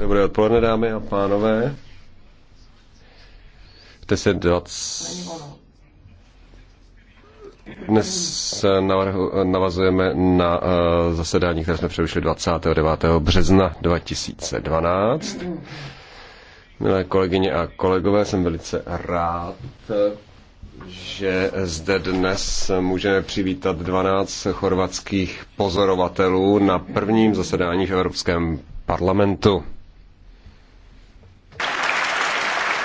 Dobré odpoledne, dámy a pánové. Dnes se Dnes navazujeme na eh, zasedání, které jsme přerušili 29. března 2012. Milé kolegyně a kolegové, jsem velice rád, že zde dnes můžeme přivítat 12 chorvatských pozorovatelů na prvním zasedání v Evropském parlamentu.